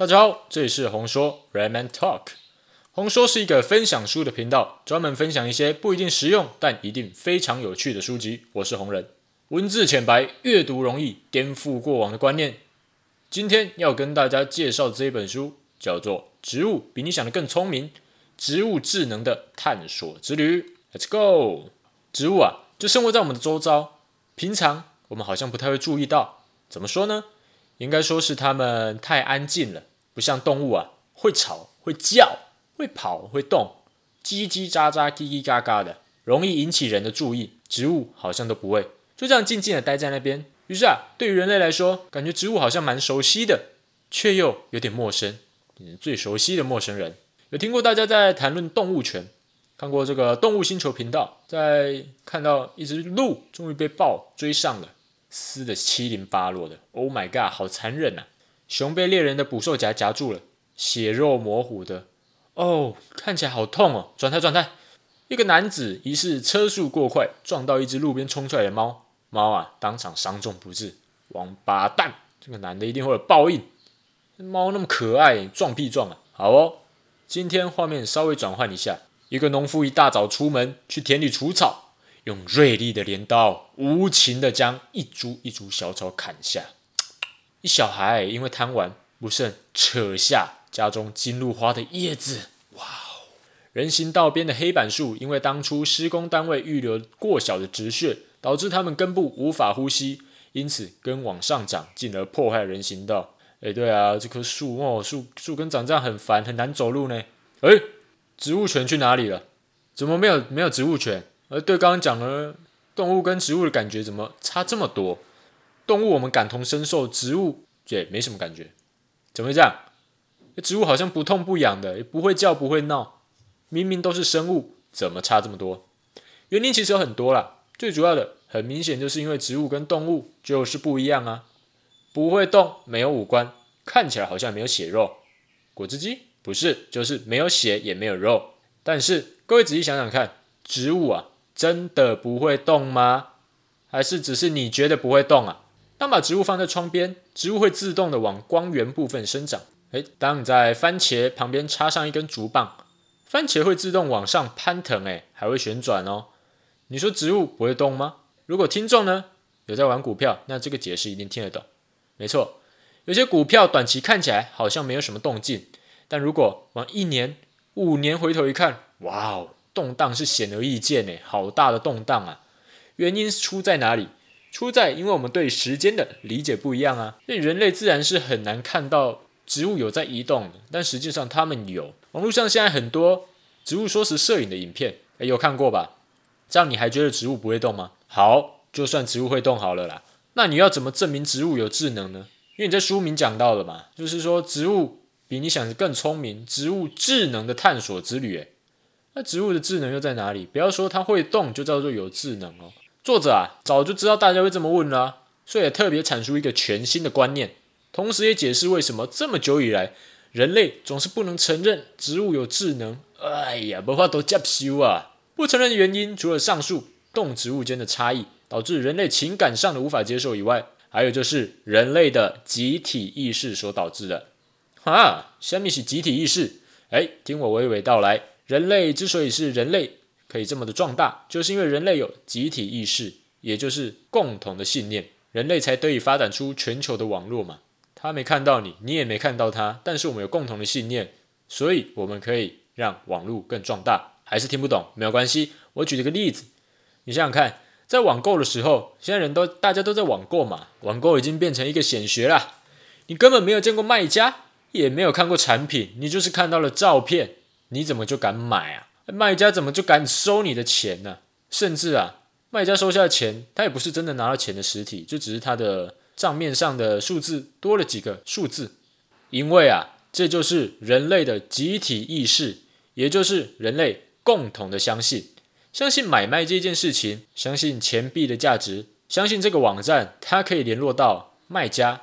大家好，這裡是紅說 Redman Talk。紅說是一個分享書的頻道，專門分享一些不一定實用但一定非常有趣的書籍。我是紅人，文字淺白，閱讀容易，顛覆過往的觀念。今天要跟大家介紹的這一本書，叫做《植物比你想得更聰明：植物智能的探索之旅》。Let's go。植物啊，就生活在我們的周遭，平常我們好像不太會注意到。怎麼說呢？應該說是它們太安靜了。不像動物啊，會吵、會叫、會跑、會動，嘰嘰喳喳、嘰嘰嘎嘎的，容易引起人的注意。植物好像都不會，就這樣靜靜的待在那邊。於是啊，對於人類來說，感覺植物好像蠻熟悉的，卻又有點陌生，最熟悉的陌生人。有聽過大家在談論動物權，看過這個動物星球頻道，在看到一隻鹿終於被豹追上了，撕得七零八落的。Oh my god，好殘忍吶啊！熊被獵人的捕獸夾夾住了，血肉模糊的，哦，看起來好痛哦！轉台轉台！一個男子疑似車速過快，撞到一隻路邊衝出來的貓，貓啊，當場傷重不治。王八蛋，這個男的一定會有報應。貓那麼可愛，撞屁撞啊！好哦，今天畫面稍微轉換一下，一個農夫一大早出門去田裡除草，用銳利的鐮刀無情的將一株一株小草砍下。一小孩因為貪玩，不慎扯下家中金露花的葉子。哇哦！人行道邊的黑板樹，因為當初施工單位預留過小的植穴，導致它們根部無法呼吸，因此根往上長，進而破壞人行道。哎，對啊，這棵樹哦，樹樹根長這樣很煩，很難走路呢。哎，植物權去哪裡了？怎麼沒有沒有植物權？呃，對，剛剛講的動物跟植物的感覺，怎麼差這麼多？動物我們感同身受，植物也沒什麼感覺，怎麼會這樣？植物好像不痛不癢的，也不會叫不會鬧，明明都是生物，怎麼差這麼多？原因其實有很多啦，最主要的很明顯就是因為植物跟動物就是不一樣啊，不會動，沒有五官，看起來好像沒有血肉。果汁機不是，就是沒有血也沒有肉。但是各位仔細想想看，植物啊，真的不會動嗎？還是只是你覺得不會動啊？當把植物放在窗邊，植物會自動地往光源部分生長。哎，當你在番茄旁邊插上一根竹棒，番茄會自動往上攀藤。哎，還會旋轉哦。你說植物不會動嗎？如果聽眾呢，有在玩股票，那這個解釋一定聽得懂。沒錯，有些股票短期看起來好像沒有什麼動靜，但如果往一年、五年回頭一看，哇哦，動盪是顯而易見的，好大的動盪啊！原因是出在哪裡？出在因為我們對時間的理解不一樣啊，對人類自然是很難看到植物有在移動的，但實際上它們有。網絡上現在很多植物縮時攝影的影片，誒、欸，有看過吧？這樣你還覺得植物不會動嗎？好，就算植物會動好了啦，那你要怎麼證明植物有智能呢？因為你在書名講到了嘛，就是說植物比你想得更聰明，植物智能的探索之旅、欸。誒，那植物的智能又在哪裡？不要說它會動就叫做有智能哦、喔。作者啊，早就知道大家會這麼問啦、啊，所以也特別闡述一個全新的觀念，同時也解釋為什麼這麼久以來，人類總是不能承認植物有智能。哎呀，不怕多教修啊！不承認的原因，除了上述動植物間的差異導致人類情感上的無法接受以外，還有就是人類的集體意識所導致的。哈，蝦米是集體意識？哎，聽我娓娓道來，人類之所以是人類。可以這麼的壯大，就是因為人類有集體意識，也就是共同的信念，人類才得以發展出全球的網絡嘛。他沒看到你，你也沒看到他，但是我們有共同的信念，所以我們可以讓網絡更壯大。還是聽不懂？沒有關係，我舉了個例子，你想想看，在網購的時候，現在人都大家都在網購嘛，網購已經變成一個顯學了。你根本沒有見過賣家，也沒有看過產品，你就是看到了照片，你怎麼就敢買啊？賣家怎麼就敢收你的錢呢？甚至啊，賣家收下的錢，他也不是真的拿到錢的實體，就只是他的賬面上的數字多了幾個數字。因為啊，這就是人類的集體意識，也就是人類共同的相信，相信買賣這件事情，相信錢幣的價值，相信這個網站它可以聯絡到賣家，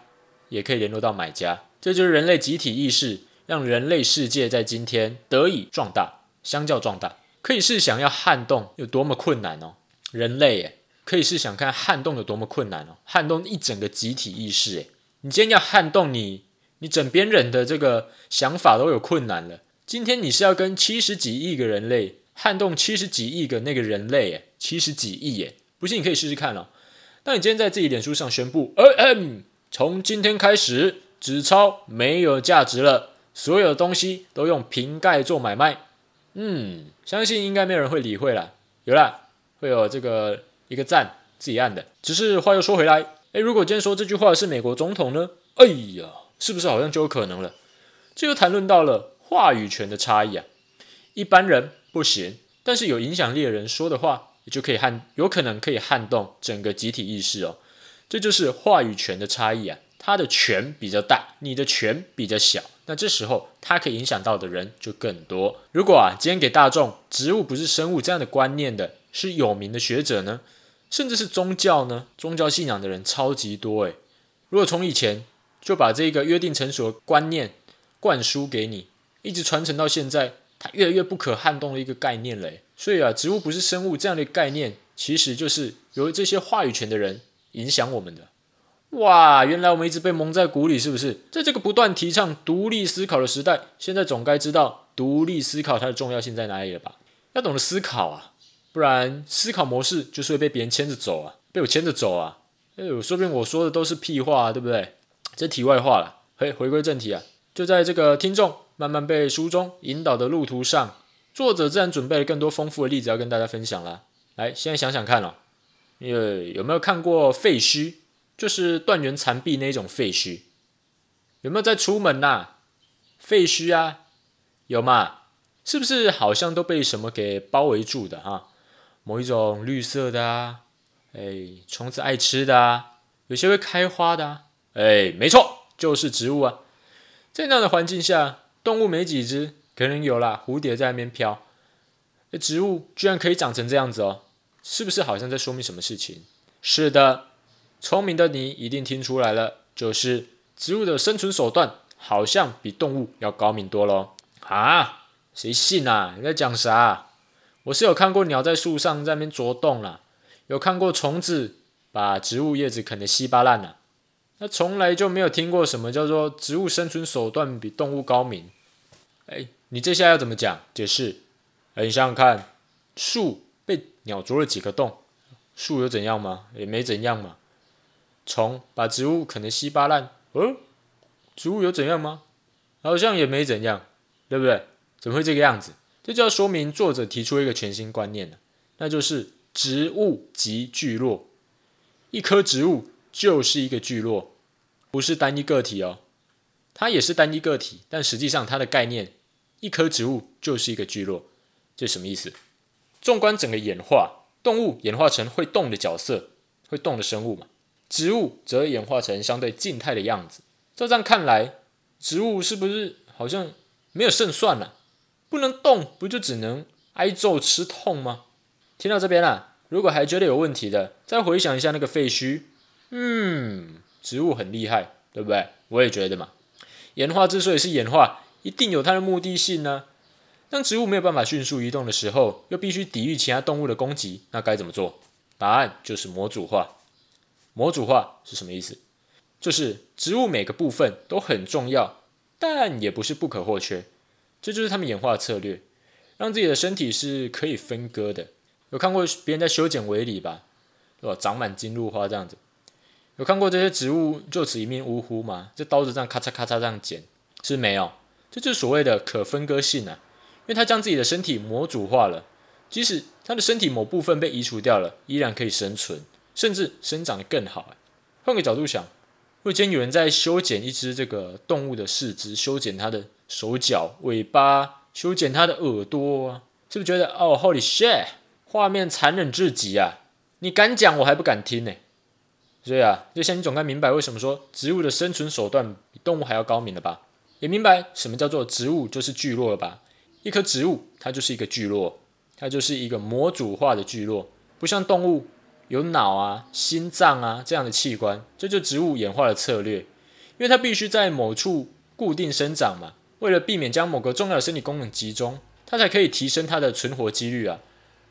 也可以聯絡到買家。這就是人類集體意識，讓人類世界在今天得以壯大。相較壯大，可以試想要撼動有多麼困難哦，人類哎、欸，可以試想看撼動有多麼困難哦，撼動一整個集體意識哎、欸，你今天要撼動你你枕邊人的這個想法都有困難了，今天你是要跟七十幾億個人類撼動七十幾億個那個人類哎、欸，七十幾億哎、欸，不信你可以試試看哦。那你今天在自己臉書上宣布，嗯嗯，從今天開始，紙鈔沒有價值了，所有東西都用瓶蓋做買賣。嗯，相信應該沒有人會理會了。有啦，會有這個一個讚自己按的。只是話又說回來，哎、欸，如果今天說這句話的是美國總統呢？哎呀，是不是好像就有可能了？這又談論到了話語權的差異啊。一般人不行，但是有影響力的人說的話，也就可以撼，有可能可以撼動整個集體意識哦。這就是話語權的差異啊，他的權比較大，你的權比較小。那這時候，它可以影響到的人就更多。如果啊，今天給大眾“植物不是生物”這樣的觀念的是有名的學者呢，甚至是宗教呢，宗教信仰的人超級多誒、欸。如果從以前就把這個約定成俗的觀念灌輸給你，一直傳承到現在，它越來越不可撼動的一個概念嘞、欸。所以啊，“植物不是生物”這樣的概念，其實就是由這些話語權的人影響我們的。哇，原來我們一直被蒙在鼓裡，是不是？在這個不斷提倡獨立思考的時代，現在總該知道獨立思考它的重要性在哪裡了吧？要懂得思考啊，不然思考模式就是會被別人牽着走啊，被我牽着走啊，哎喲，說不定我說的都是屁話啊，對不對？這題外話了，嘿，回歸正題啊，就在這個聽眾慢慢被書中引導的路途上，作者自然準備了更多豐富的例子要跟大家分享啦。來，現在想想看哦，呃，有沒有看過廢墟？就是斷垣殘壁那一種廢墟，有沒有在出門吶、啊？廢墟啊，有嘛？是不是好像都被什麼給包圍住的哈、啊？某一種綠色的啊，誒、欸，蟲子愛吃的啊，有些會開花的啊，誒、欸，沒錯，就是植物啊。在那樣的環境下，動物沒幾隻，可能有啦，蝴蝶在那邊飄、欸。那植物居然可以長成這樣子哦，是不是好像在說明什麼事情？是的。聰明的你一定聽出來了，就是植物的生存手段好像比動物要高明多了啊！誰信啊？你在講啥？我是有看過鳥在樹上在那邊啄洞啦、啊、有看過蟲子把植物葉子啃得稀巴爛了、啊，那從來就沒有聽過什麼叫做植物生存手段比動物高明。哎，你這下要怎麼講解釋？哎，你想想看，樹被鳥啄了幾個洞，樹有怎樣嗎？也沒怎樣嘛。蟲把植物啃得稀巴爛，哦、呃，植物有怎樣嗎？好像也沒怎樣，對不對？怎麼會這個樣子？這就要說明作者提出一個全新觀念了，那就是植物即聚落，一棵植物就是一個聚落，不是單一個體哦，它也是單一個體，但實際上它的概念，一棵植物就是一個聚落，這什麼意思？縱觀整個演化，動物演化成會動的角色，會動的生物嘛。植物則演化成相對靜態的樣子。照這樣看來，植物是不是好像沒有勝算了？不能動，不就只能挨揍吃痛嗎？聽到這邊啦、啊，如果還覺得有問題的，再回想一下那個廢墟。嗯，植物很厲害，對不對？我也覺得嘛。演化之所以是演化，一定有它的目的性呢。當植物沒有辦法迅速移動的時候，又必須抵禦其他動物的攻擊，那該怎麼做？答案就是模組化。模組化是什麼意思？就是植物每個部分都很重要，但也不是不可或缺。這就是他們演化策略，讓自己的身體是可以分割的。有看過別人在修剪圍籬吧？對吧？長滿金露花這樣子，有看過這些植物就此一命嗚呼嗎？這刀子這樣咔嚓咔嚓這樣剪，是沒有。這就是所謂的可分割性啊！因為它將自己的身體模組化了，即使它的身體某部分被移除掉了，依然可以生存。甚至生長得更好，欸。換個角度想，會既有人在修剪一隻這個動物的四肢，修剪它的手腳、尾巴，修剪它的耳朵，啊，是不是覺得哦，Holy shit，畫面殘忍至極啊！你敢講，我還不敢聽呢，欸。所以啊，就像你總該明白為什麼說植物的生存手段比動物還要高明了吧？也明白什麼叫做植物就是聚落了吧？一棵植物，它就是一個聚落，它就是一個模組化的聚落，不像動物，有腦啊、心臟啊這樣的器官，這就是植物演化的策略，因為它必須在某處固定生長嘛。為了避免將某個重要的生理功能集中，它才可以提升它的存活幾率啊。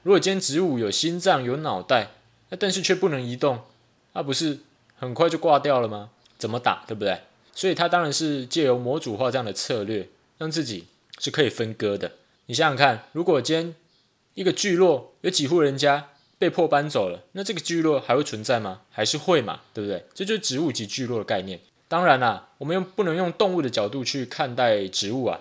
如果今天植物有心臟、有腦袋，那但是卻不能移動，那不是很快就掛掉了嗎？怎麼打，對不對？所以它當然是借由模組化這樣的策略，讓自己是可以分割的。你想想看，如果今天一個聚落有幾戶人家，被迫搬走了，那這個聚落還會存在嗎？還是會嘛，對不對？這就是植物及聚落的概念。當然啦、啊，我們又不能用動物的角度去看待植物啊。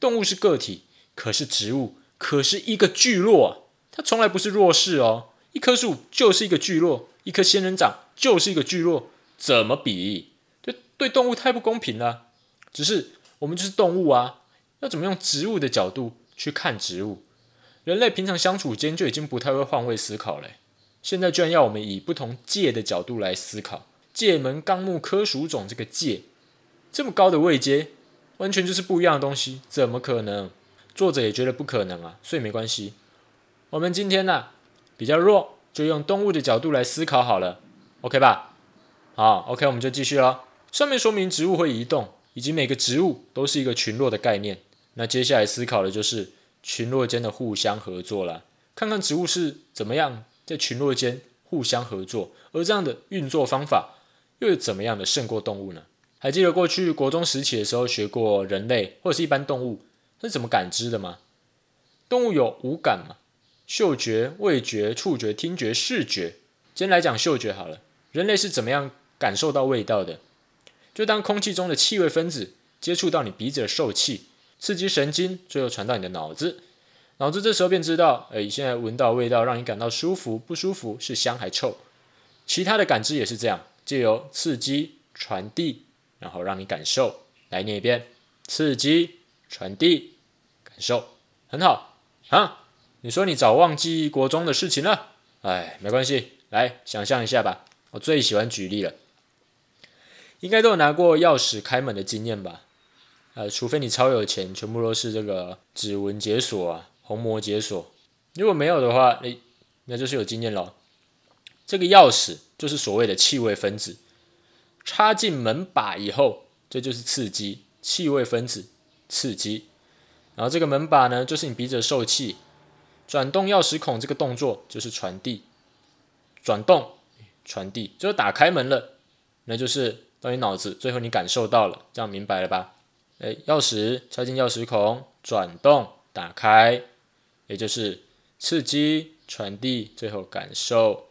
動物是個體，可是植物可是一個聚落啊。它從來不是弱勢哦。一棵樹就是一個聚落，一棵仙人掌就是一個聚落，怎麼比？對，對動物太不公平了。只是我們就是動物啊，要怎麼用植物的角度去看植物？人類平常相處間就已經不太會換位思考了。現在居然要我們以不同界的角度來思考，界門綱目科屬種這個界，這麼高的位階，完全就是不一樣的東西，怎麼可能？作者也覺得不可能啊，所以沒關係。我們今天呢、啊、比較弱，就用動物的角度來思考好了，OK 吧？好，OK 我們就繼續了。上面說明植物會移動，以及每個植物都是一個群落的概念，那接下來思考的就是。群落間的互相合作了，看看植物是怎麼樣在群落間互相合作，而這樣的運作方法又有怎麼樣的勝過動物呢？還記得過去國中時期的時候學過人類或者是一般動物是怎麼感知的嗎？動物有五感嘛？嗅覺、味覺、觸覺、聽覺、視覺。今天來講嗅覺好了，人類是怎麼樣感受到味道的？就當空氣中的氣味分子接觸到你鼻子的受器，刺激神經，最後傳到你的腦子，腦子這時候便知道，哎、欸，現在聞到味道，讓你感到舒服不舒服，是香還臭？其他的感知也是這樣，借由刺激傳遞，然後讓你感受。來念一遍：刺激、傳遞、感受。很好，啊，你說你早忘記國中的事情了？哎，沒關係，來想象一下吧。我最喜歡舉例了，應該都有拿過鑰匙開門的經驗吧。呃，除非你超有錢，全部都是這個指紋解鎖啊、虹膜解鎖。如果沒有的話，誒，那就是有經驗咯。這個鑰匙就是所謂的氣味分子，插進門把以後，這就是刺激氣味分子刺激。然後這個門把呢，就是你鼻子的受氣，轉動鑰匙孔這個動作就是傳遞，轉動傳遞就是打開門了，那就是到你腦子最後你感受到了，這樣明白了吧？誒，鑰匙插進鑰匙孔，轉動，打開，也就是刺激傳遞，最後感受，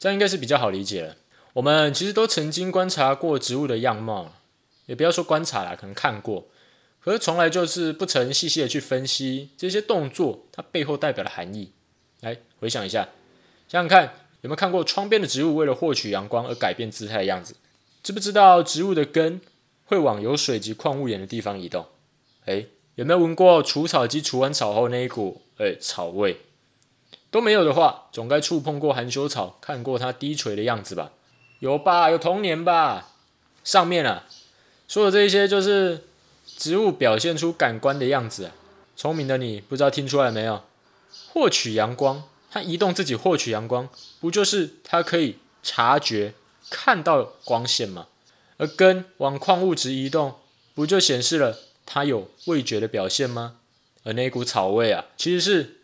這樣應該是比較好理解了。我們其實都曾經觀察過植物的樣貌，也不要說觀察啦，可能看過，可是從來就是不曾細細的去分析這些動作它背後代表的含義。來回想一下，想想看有沒有看過窗邊的植物為了獲取陽光而改變姿態的樣子，知不知道植物的根，會往有水及礦物鹽的地方移動。哎，有沒有聞過除草機，除完草後那一股哎草味？都沒有的話，總該觸碰過含羞草，看過它低垂的樣子吧？有吧？有童年吧？上面啊說的這些就是植物表現出感官的樣子啊。聰明的你不知道聽出來沒有？獲取陽光，它移動自己獲取陽光，不就是它可以察覺看到光線嗎？而根往礦物質移動，不就顯示了它有味覺的表現嗎？而那股草味啊，其實是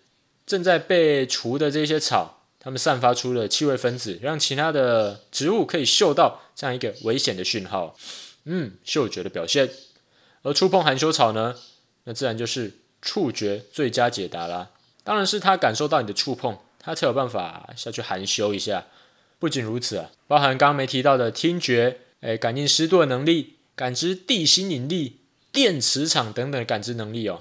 正在被除的這些草，它們散發出的氣味分子，讓其他的植物可以嗅到這樣一個危險的訊號。嗯，嗅覺的表現。而觸碰含羞草呢，那自然就是觸覺最佳解答啦。當然是它感受到你的觸碰，它才有辦法下去含羞一下。不僅如此啊，包含剛剛沒提到的聽覺。誒，感應濕度的能力、感知地心引力、電磁場等等的感知能力哦，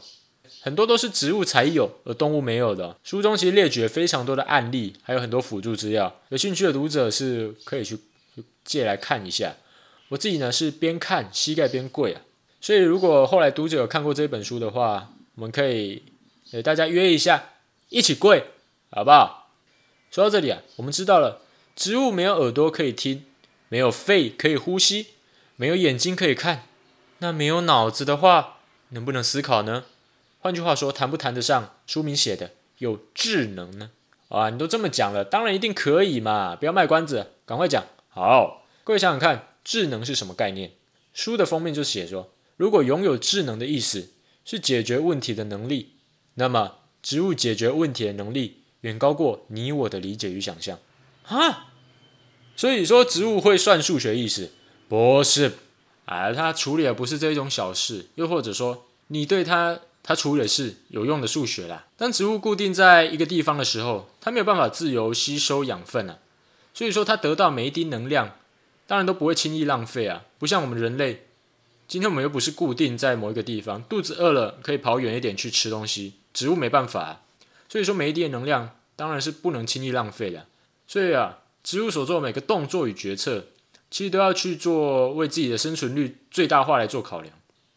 很多都是植物才有而動物沒有的。書中其實列舉了非常多的案例，還有很多輔助資料。有興趣的讀者是可以去借來看一下。我自己呢是邊看膝蓋邊跪啊，所以如果後來讀者有看過這本書的話，我們可以呃，大家約一下一起跪，好不好？說到這裡啊，我們知道了植物沒有耳朵可以聽。沒有肺可以呼吸，沒有眼睛可以看，那沒有腦子的話，能不能思考呢？換句話說，談不談得上書名寫的有智能呢？啊，你都這麼講了，當然一定可以嘛！不要賣關子，趕快講。好，各位想想看，智能是什麼概念？書的封面就寫說，如果擁有智能的意思是解決問題的能力，那麼植物解決問題的能力遠高過你我的理解與想象。啊？所以說植物會算數學？意思不是，啊，它處理的不是這一種小事，又或者說你對它，它處理的是有用的數學啦。當植物固定在一個地方的時候，它沒有辦法自由吸收養分啊，所以說它得到每一滴能量，當然都不會輕易浪費啊，不像我們人類，今天我們又不是固定在某一個地方，肚子餓了可以跑遠一點去吃東西，植物沒辦法，啊。所以說每一滴的能量當然是不能輕易浪費的，啊，所以啊。植物所做的每個動作與決策，其實都要去做為自己的生存率最大化來做考量。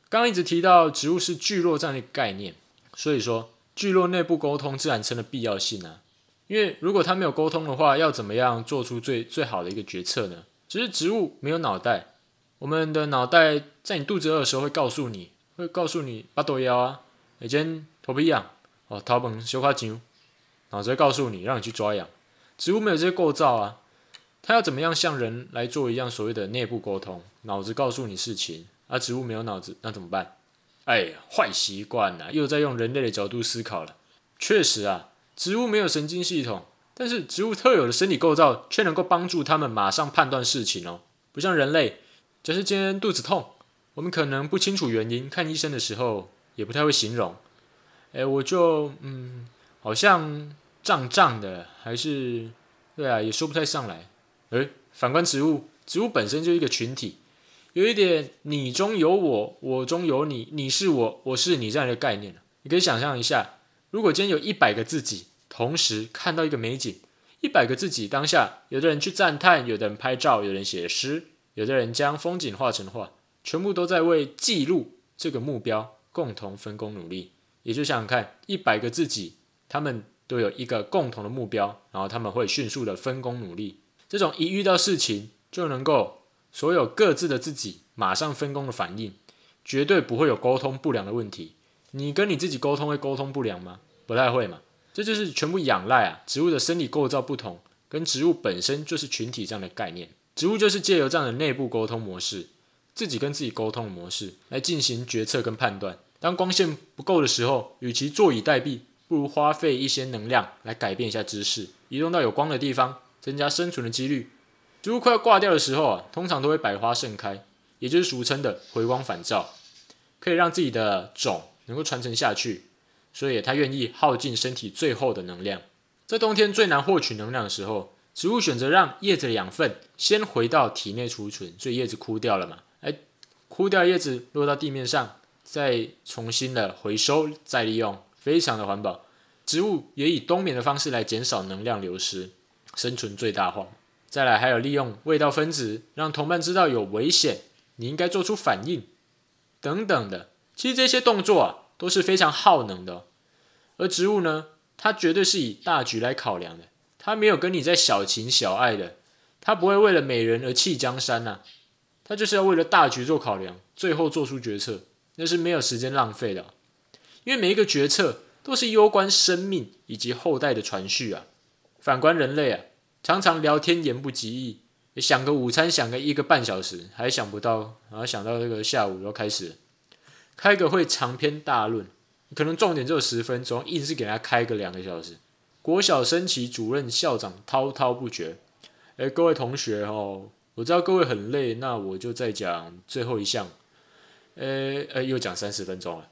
剛剛一直提到植物是聚落這樣的概念，所以說聚落內部溝通自然成了必要性啊。因為如果它沒有溝通的話，要怎麼樣做出最最好的一個決策呢？其實植物沒有腦袋，我們的腦袋在你肚子餓的時候會告訴你，會告訴你八斗腰啊，以前頭皮癢，哦，頭毛修化長，然後再告訴你讓你去抓癢。植物沒有這些構造啊。他要怎麼樣像人來做一樣所謂的內部溝通？腦子告訴你事情，而、啊、植物沒有腦子，那怎麼辦？哎，壞習慣吶，又在用人類的角度思考了。確實啊，植物沒有神經系統，但是植物特有的生理構造卻能夠幫助他們馬上判斷事情哦，不像人類。假設今天肚子痛，我們可能不清楚原因，看醫生的時候也不太會形容。哎，我就嗯，好像脹脹的，還是對啊，也說不太上來。哎、欸，反觀植物，植物本身就一個群體，有一點你中有我，我中有你，你是我，我是你這樣的概念。你可以想象一下，如果今天有一百個自己，同時看到一個美景，一百個自己當下，有的人去讚嘆，有的人拍照，有的人寫詩，有的人將風景畫成畫，全部都在為記錄這個目標，共同分工努力。也就想想看，一百個自己，他們都有一個共同的目標，然後他們會迅速的分工努力。這種一遇到事情就能夠所有各自的自己馬上分工的反應，絕對不會有溝通不良的問題。你跟你自己溝通會溝通不良嗎？不太會嘛。這就是全部仰賴啊。植物的生理構造不同，跟植物本身就是群體這樣的概念。植物就是借由這樣的內部溝通模式，自己跟自己溝通的模式來進行決策跟判斷。當光線不夠的時候，與其坐以待斃，不如花費一些能量來改變一下姿勢，移動到有光的地方。增加生存的幾率。植物快要掛掉的時候啊，通常都會百花盛開，也就是俗稱的回光返照，可以讓自己的種能夠傳承下去。所以它願意耗盡身體最後的能量，在冬天最難獲取能量的時候，植物選擇讓葉子的養分先回到體內儲存，所以葉子枯掉了嘛？哎、欸，枯掉的葉子落到地面上，再重新的回收再利用，非常的環保。植物也以冬眠的方式來減少能量流失。生存最大化，再來還有利用味道分子讓同伴知道有危險，你應該做出反應等等的。其實這些動作啊都是非常耗能的哦。而植物呢，它絕對是以大局來考量的，它沒有跟你在小情小愛的，它不會為了美人而棄江山吶，它就是要為了大局做考量，最後做出決策，那是沒有時間浪費的哦，因為每一個決策都是攸關生命以及後代的傳續啊。反觀人類啊。常常聊天言不及義，想個午餐想個一個半小時，還想不到，然後想到這個下午要開始開個會，長篇大論，可能重點只有十分鐘，硬是給他開個兩個小時。國小升旗主任校長滔滔不絕，哎、欸，各位同學哦，我知道各位很累，那我就再講最後一項，哎、欸、哎、欸，又講三十分鐘了，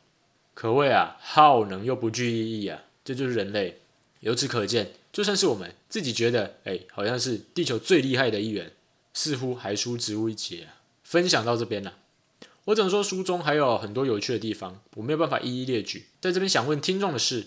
可謂啊耗能又不具意義啊，這就是人類。由此可見。就算是我們自己覺得，哎、欸，好像是地球最厲害的一員，似乎還輸植物一截啊。分享到這邊了、啊，我只能說書中還有很多有趣的地方，我沒有辦法一一列舉。在這邊想問聽眾的是，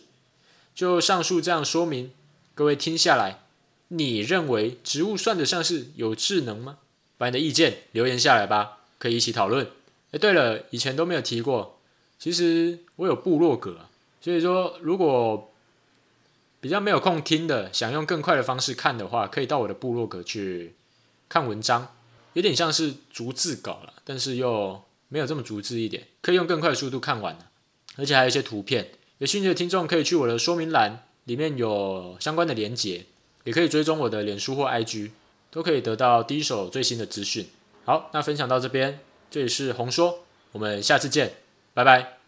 就上述這樣說明，各位聽下來，你認為植物算得上是有智能嗎？把你的意見留言下來吧，可以一起討論。哎、欸，對了，以前都沒有提過，其實我有部落格，所以說如果。比較沒有空聽的，想用更快的方式看的話，可以到我的部落格去看文章，有點像是逐字稿了，但是又沒有這麼逐字一點，可以用更快的速度看完了。而且還有一些圖片。有興趣的聽眾可以去我的說明欄裡面，有相關的連結，也可以追蹤我的臉書或 IG，都可以得到第一手最新的資訊。好，那分享到這邊，這裡是紅說，我們下次見，拜拜。